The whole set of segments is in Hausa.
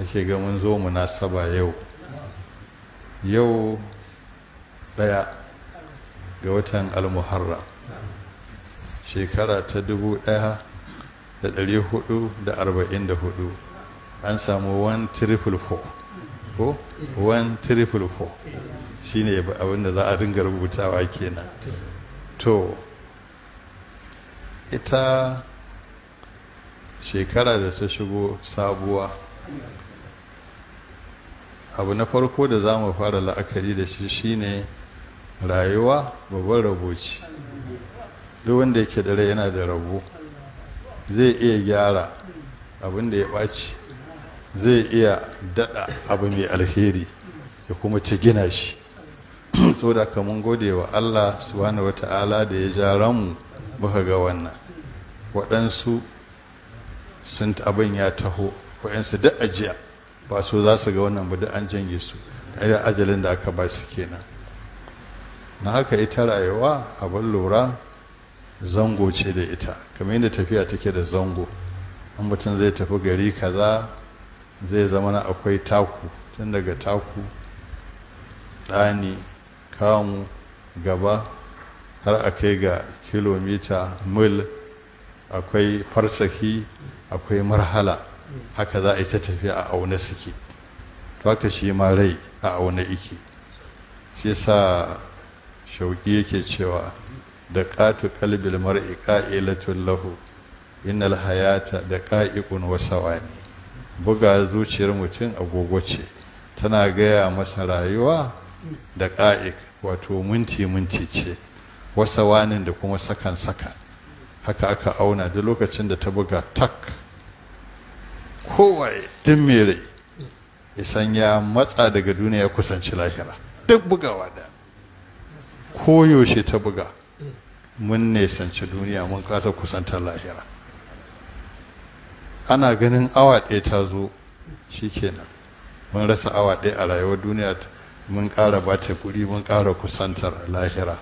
ake ga mun zo munasaba yau yau ɗaya ga watan almuharra shekara ta dubu ɗaya da dari hudu da arba'in da hudu an samu 1,444 ko 1,444 shi ne abinda za a ringa rubutawa kenan to ita shekara da ta shigo sabuwa abu na farko da za mu fara la'akari da shi shine rayuwa babban rabo ce duk wanda yake da rai yana da rabo zai iya gyara abin da ya ɓaci zai iya daɗa abu mai alheri ya kuma ci gina shi so da ka gode wa Allah subhanahu wa ta'ala da ya ja ramu baka ga wannan waɗansu sun abin ya taho waɗansu da'a ajiya ba su za su ga wannan ba duk an janye su ajalin da aka ba su kenan na haka ita rayuwa abin lura zango ce da ita kamar yadda tafiya take da zango in mutum zai tafi gari kaza zai zama na akwai taku tun daga taku ɗani kamu gaba har a kai ga kilomita mil akwai farsaki akwai marhala haka za a ta tafiya a auna suke to haka shi ma rai a auna ike shi sa shauki yake cewa da ƙatu kalbil mar'i ƙa'ilatun lahu innal hayata da ƙa'ikun wasa wani buga zuciyar mutum agogo ce tana gaya masa rayuwa da ƙa'ik wato minti-minti ce wasawanin da kuma sakan-sakan haka aka auna duk lokacin da ta buga tak kowai tun mere isan ya matsa daga duniya ya kusanci lahira duk bugawa da koyaushe ta buga mun nesanci duniya mun kata kusantar lahira ana ganin awa ɗaya ta zo shi kenan mun rasa awa ɗaya a rayuwar duniya mun ƙara ba ta guri mun ƙara kusantar lahira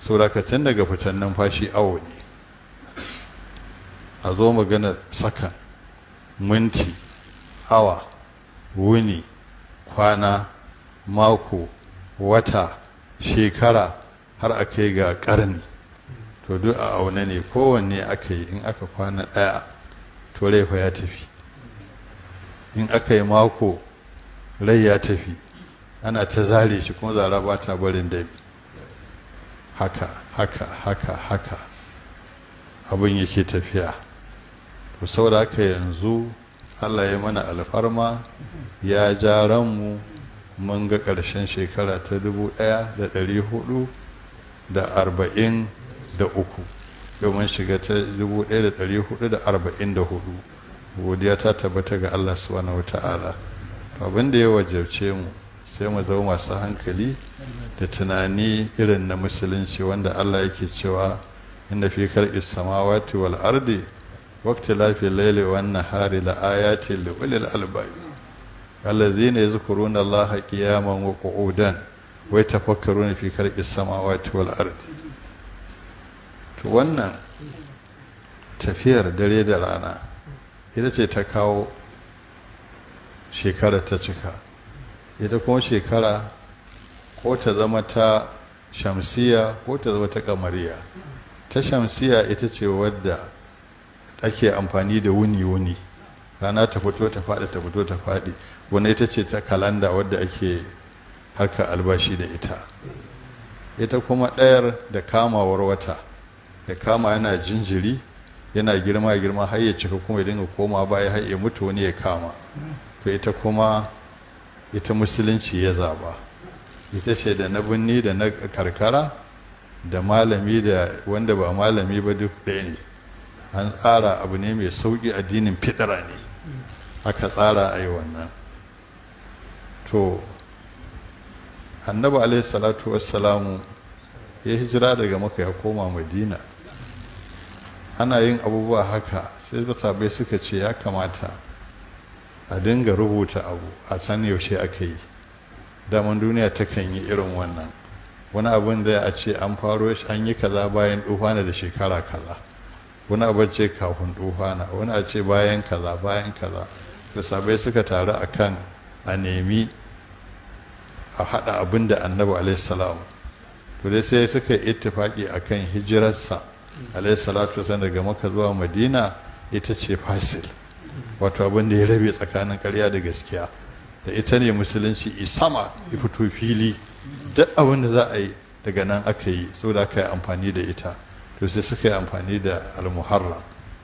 saurakacin daga fitan numfashi awo ne a zo magana sakan minti awa wuni kwana mako wata shekara har a kai ga ƙarni to duk a auna ne kowanne aka yi in aka kwana ɗaya to laifa ya tafi in aka yi mako rai ya tafi ana ta zare shi kuma zara ba ta barin dami haka haka haka haka abin yake tafiya to saboda haka yanzu allah ya mana alfarma ya ja ranmu mun ga ƙarshen shekara ta dubu ɗaya arba'in da uku domin shiga ta dubu ɗaya hudu godiya ta tabbata ga allah subhanahu wata'ala abin da ya wajabce mu sai mu zama masu hankali da tunani irin na musulunci wanda allah yake cewa inda fi karɓi samawati wal ardi واختلاف الليل والنهار لآيات لأولي الألباب الذين يذكرون الله قياما وقعودا ويتفكرون في خلق السماوات والأرض wannan tafiyar dare da rana ita ce ta kawo shekara ta cika ita kuma shekara ko ta zama ta shamsiya ko ta zama ta kamariya ta shamsiya ita ce wadda ake amfani da wuni-wuni rana ta fito ta faɗi ta fito ta faɗi wani ita ce ta kalanda wadda ake harka albashi da ita ita kuma ɗayar da kamawar wata da kama yana jinjiri yana girma girma har ya cika kuma ya dinga koma baya har ya mutu wani ya kama to ita kuma ita musulunci ya zaba ita ce da na binni da na karkara da malami da wanda ba malami ba duk ɗaya ne an tsara abu ne mai sauƙi addinin fitira ne aka tsara a yi wannan to annabi alaihi salatu wassalamu ya hijira daga maka ya koma madina ana yin abubuwa haka sai sabai suka ce ya kamata a dinga rubuta abu a san yaushe aka yi daman duniya takan yi irin wannan wani abin da a ce an faro shi an yi kaza bayan dufa da shekara kaza wani abu ce kafin na wani a ce bayan kaza bayan kaza da sabai suka taru a kan a nemi a haɗa abin da annabi alaihissalam to sai suka yi ittifaki a kan hijirarsa alaihissalatu wasan daga maka zuwa madina ita ce fasil wato abin da ya rabe tsakanin karya da gaskiya da ita ne musulunci isama ya fito fili duk abin da za a yi daga nan aka yi so da aka yi amfani da ita to sai suka yi amfani da almuharram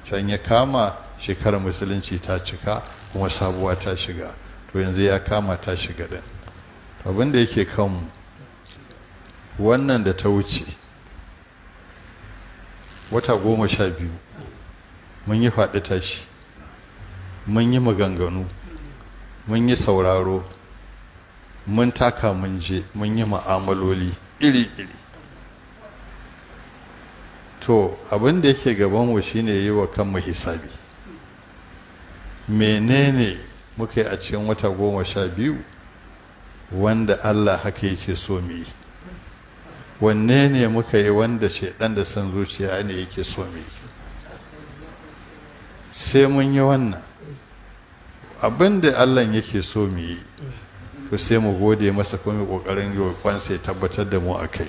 can ya kama shekarar musulunci ta cika kuma sabuwa ta shiga to yanzu ya kama ta shiga din abin da yake kanmu wannan da ta wuce wata goma sha biyu mun yi faɗi tashi mun yi maganganu mun yi sauraro mun taka mun je mun yi ma'amaloli iri-iri to abin da yake gabanmu shine yi wa kanmu hisabi menene muka yi a cikin wata goma sha biyu wanda allah haka yake so mu yi wanne ne muka yi wanda ce dan da san zuciya ne yake so mu yi sai mun yi wannan abin da allah yake so mu yi to sai mu gode masa kuma ƙoƙarin yi wa kwansa ya tabbatar da mu a kai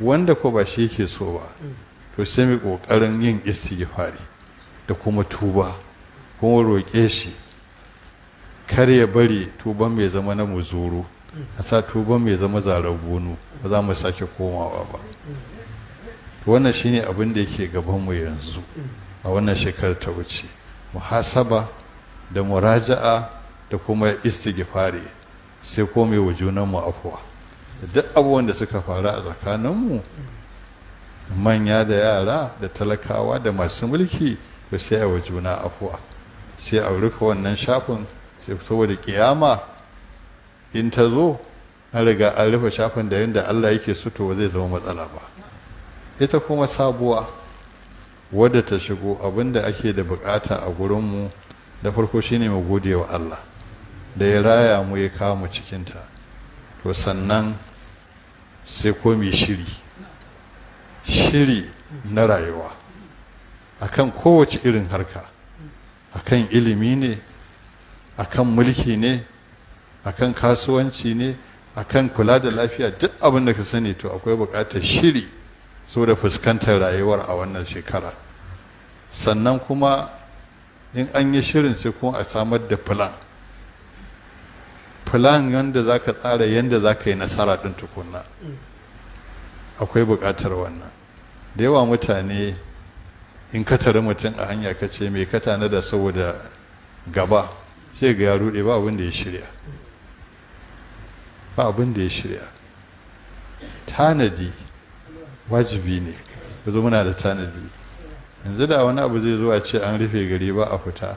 wanda ko ba shi yake so ba mm. to sai mu kokarin yin istighfari da kuma tuba kuma roƙe shi kar ya bari tuban mai zama na muzuru a sa tuban mai zama zarar gonu ba za mu sake komawa ba wannan shine abin da yake gabanmu yanzu mm. a wannan shekarar ta wuce muhasaba da muraja'a da kuma istighfari sai ko mai wa afuwa duk abubuwan da suka faru a tsakaninmu manya da yara da talakawa da masu mulki ba sai a wa juna afuwa sai a rufe wannan shafin sai saboda kiyama in ta zo an riga an rufe shafin da yadda Allah yake suto to zai zama matsala ba ita kuma sabuwa wadda ta shigo abinda ake da bukata a gurinmu da farko shine mu gode wa Allah da ya raya mu ya kawo mu cikinta to sannan sai ko mai shiri shiri na rayuwa akan kowace irin harka akan ilimi ne akan mulki ne akan kasuwanci ne akan kula da lafiya duk abin da ka sani to akwai bukatar shiri so da fuskantar rayuwar a wannan shekara sannan kuma in an yi shirin sai kuma a samar da plan plan yadda za ka tsara yadda za ka yi nasara ɗin tukuna akwai buƙatar wannan da yawa mutane in ka mutum a hanya ka ce mai ka tana da saboda gaba sai ga ya ruɗe ba abin da ya shirya ba abin da ya shirya tanadi wajibi ne yanzu muna da tanadi yanzu da wani abu zai zo a ce an rufe gari ba a fita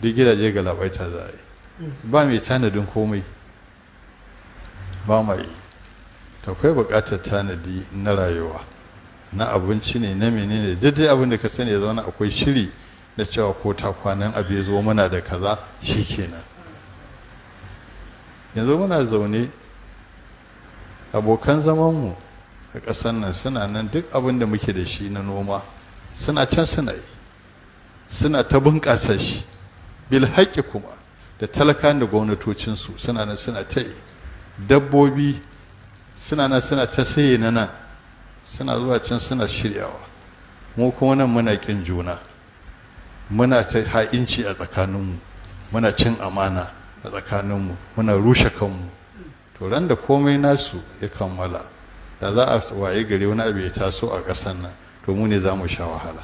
duk gidaje ga labaita za a yi ba mai tanadin komai ba mai akwai buƙatar tanadi na rayuwa na abinci ne na menene daidai abin da ka sani ya zauna akwai shiri na cewa ko ta kwanan abu ya zo muna da kaza shi kenan yanzu muna zaune abokan zamanmu a ƙasar nan suna nan duk abin da muke da shi na noma suna can suna yi suna ta bunƙasa shi bil haƙƙi kuma da talakan da gwamnatocinsu suna nan suna ta yi. dabbobi suna nan suna ta saye na nan suna zuwa can suna shiryawa mu kuma nan muna kin juna muna ta ha'inci a tsakaninmu muna cin amana a tsakaninmu muna rushe kanmu to ran da komai nasu ya kammala da za a waye gari wani abu ya taso a ƙasar nan to mu ne za mu sha wahala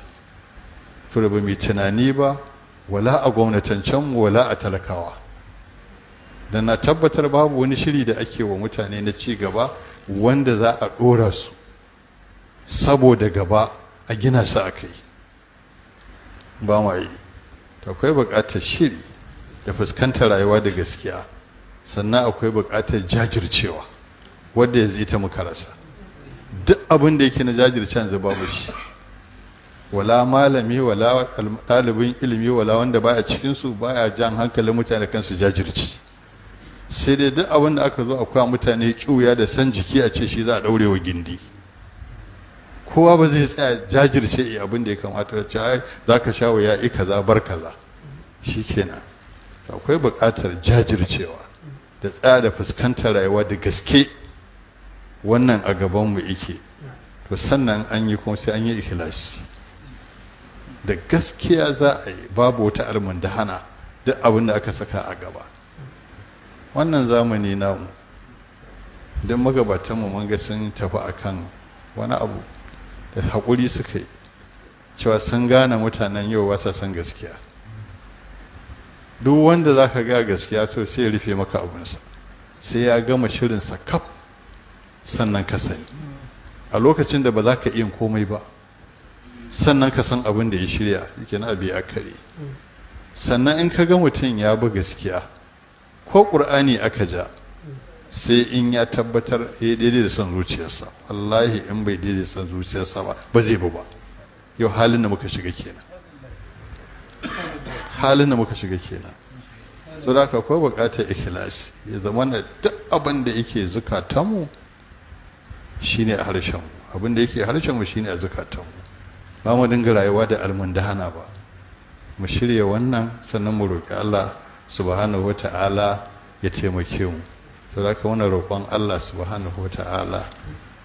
to da ba mai tunani ba wala a gwamnatancen wala a talakawa da na tabbatar babu wani shiri da ake wa mutane na ci gaba wanda za a ɗora su saboda gaba a gina su a kai ba ma yi akwai buƙatar shiri da fuskantar rayuwa da gaskiya sannan akwai buƙatar jajircewa wadda ya ita ta muka rasa duk abin da yake na jajirce yanzu babu shi wala malami wala talibin ilimi wala wanda baya cikinsu su baya jan hankalin mutane kan su jajirci sai dai duk abin da aka zo akwai mutane kiwuya da san jiki a ce shi za a daure wa gindi kowa ba zai tsaya jajirce yi abin da ya kamata ya ce ai za ka sha wuya i kaza bar kaza shi kenan akwai buƙatar jajircewa da tsaya da fuskantar rayuwa da gaske wannan a gabanmu ike to sannan an yi kuma sai an yi ikhlasi da gaskiya za a yi babu wata da hana duk abin da aka saka a gaba wannan zamani namu don magabatanmu mun ga sun tafi kan wani abu da haƙuri suka yi cewa sun gane mutanen yau wasa san gaskiya duk wanda za ka ga gaskiya to sai rufe maka abinsa sai ya gama shirinsa kaf sannan ka sani a lokacin da ba za ka iya komai ba sannan ka san abin da ya shirya yake na abi kare sannan in ka ga mutum ya bi gaskiya ko ƙur'ani aka ja sai in ya tabbatar ya daidai da son zuciyarsa wallahi in bai daidai da son zuciyarsa ba ba zai bi ba yau halin da muka shiga kenan halin da muka shiga kenan to da ka kawai bukatar ikhlasi ya zama na duk abin da yake zukatanmu shine a harshen abin da yake harshen mu shine a zukatanmu ba mu dinga rayuwa da almundahana ba mu shirya wannan sannan mu roƙi Allah subhanahu wa ta'ala ya taimake mu to da ka wani roƙon Allah subhanahu wa ta'ala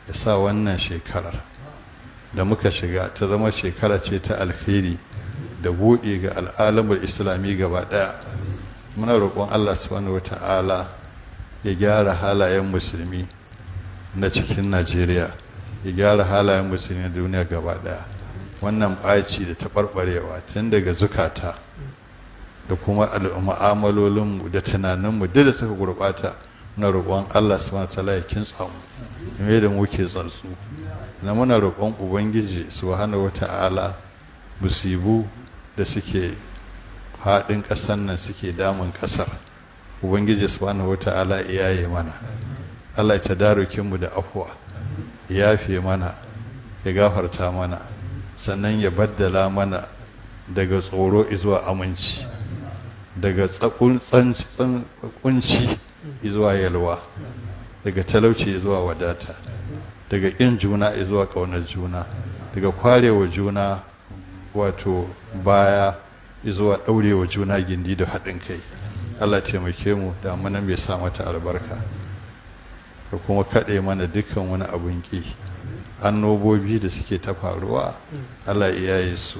ya sa wannan shekarar da muka shiga ta zama shekara ce ta alheri da buɗe ga al'alamar islami gaba ɗaya muna roƙon Allah subhanahu wa ta'ala ya gyara halayen musulmi na cikin Najeriya ya gyara halayen musulmi na duniya gaba ɗaya wannan ɓaci da taɓarɓarewa tun daga zukata da kuma mu'amalolinmu da tunaninmu duk da suka gurɓata na roƙon Allah su wataala ya tsamu mu da muke tsantsu na muna roƙon ubangiji wata ala musibu da suke haɗin ƙasar nan suke damun ƙasar ubangiji subhanahu wata ala iyaye mana Allah ya tadarukin mu da afuwa ya yafe mana ya gafarta mana sannan ya baddala mana daga tsoro zuwa aminci daga tsakunci zuwa yalwa daga talauci zuwa wadata daga ƙin juna zuwa ƙaunar juna daga kwarewa juna wato baya zuwa ɗaurewa juna gindi da haɗin kai allah taimake mu da mana mai sa mata albarka da kuma kaɗe mana dukkan wani abin ƙi annobobi da suke ta faruwa mm. Allah iya yi su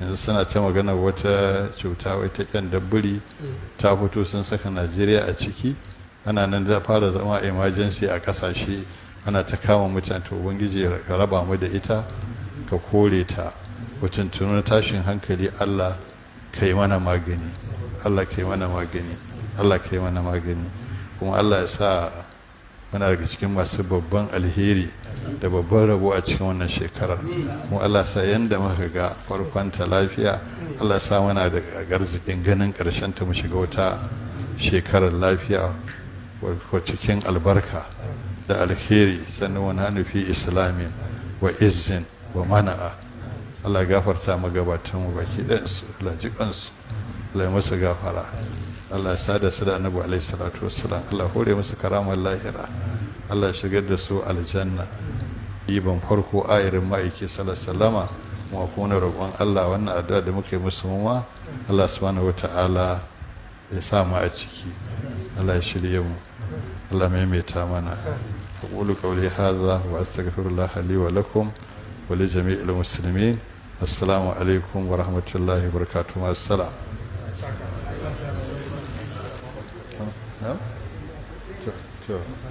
yanzu suna ta magana wata cuta wai ta kyan dabbiri mm. ta fito sun saka najeriya a ciki ana nan da fara zama emergency a kasashe ana ta kama mutane to ubangiji ka raba mu da ita ka kore ta mutum tashin hankali allah ka yi mana magani allah ka yi mana magani allah ka yi mana magani kuma allah ya sa muna daga cikin masu babban alheri da babban rabo a cikin wannan shekarar kuma Allah sa yanda muka ga farkon ta lafiya Allah sa muna da garzikin ganin karshen ta mu shiga wata shekarar lafiya ko cikin albarka da alheri sannan wani nufi islami wa izin wa mana'a Allah gafarta magabatan mu baki ɗansu Allah ji masa gafara Allah ya sada su da annabi alaihi salatu wassalam Allah hore musu karamar lahira Allah shigar da su aljanna iban farko ayirin ma'aiki sallallahu kuma kuma roƙon Allah wannan addu'a da muke musu muma Allah subhanahu wata'ala ya sa mu a ciki Allah ya shirye mu Allah maimaita mana أقول قولي هذا وأستغفر الله لي ولكم ولجميع المسلمين السلام عليكم ورحمة الله وبركاته السلام No? Sure, sure.